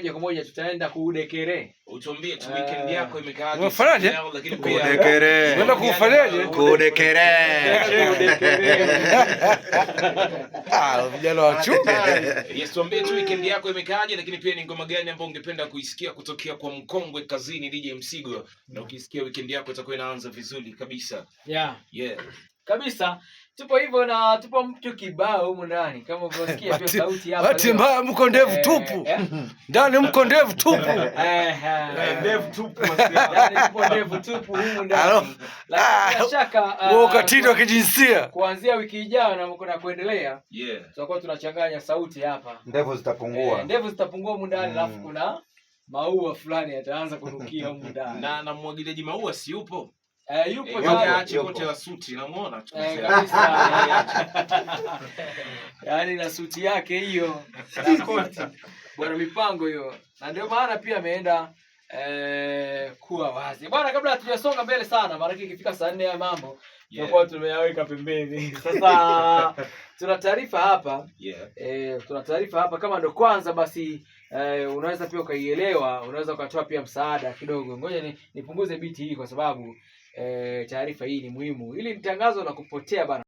moja kwa moja tutaenda kuudekere. Utuambie tu weekend eh. yako imekaaje? Umefanyaje? Lakini pia Unaenda kufanyaje? Kudekere. Ah, vijana wa chumba. Yes, tuambie tu weekend yako imekaaje, lakini pia ni ngoma gani ambayo ungependa kuisikia kutokea kwa mkongwe kazini DJ Msigwa, na ukisikia weekend yako itakuwa inaanza vizuri kabisa. Yeah. Yeah. Kabisa tupo hivyo na tupo mtu kibao humu ndani, kama unavyosikia pia sauti hapa. Bahati mbaya mko ndevu eh, tupu eh. ndani, mko ndevu tupu, Eh, eh. ndevu tupu, mko ndevu tupu humu ndani. Lakini ah, shaka wao katindo kijinsia kuanzia wiki ijayo na mko na kuendelea, Yeah. tutakuwa tunachanganya sauti hapa, ndevu zitapungua, ndevu zitapungua humu ndani, alafu mm. kuna maua fulani yataanza kurukia humu ndani, na na mwagiliaji maua si yupo Eh, yupo ache kotela suti namuona eh, yaani na suti yake hiyo na koti bwana mipango hiyo, na ndio maana pia ameenda eh, kuwa wazi bwana. Kabla hatujasonga mbele sana, maanake ikifika saa nne ya mambo tunakuwa tumeyaweka pembeni sasa. Tuna taarifa hapa yeah, eh, tuna taarifa hapa kama ndo kwanza basi eh, unaweza pia ukaielewa, unaweza ukatoa pia msaada kidogo. Ngoja ni, nipunguze biti hii kwa sababu eh, taarifa hii ni muhimu. ili ni tangazo la kupotea bana.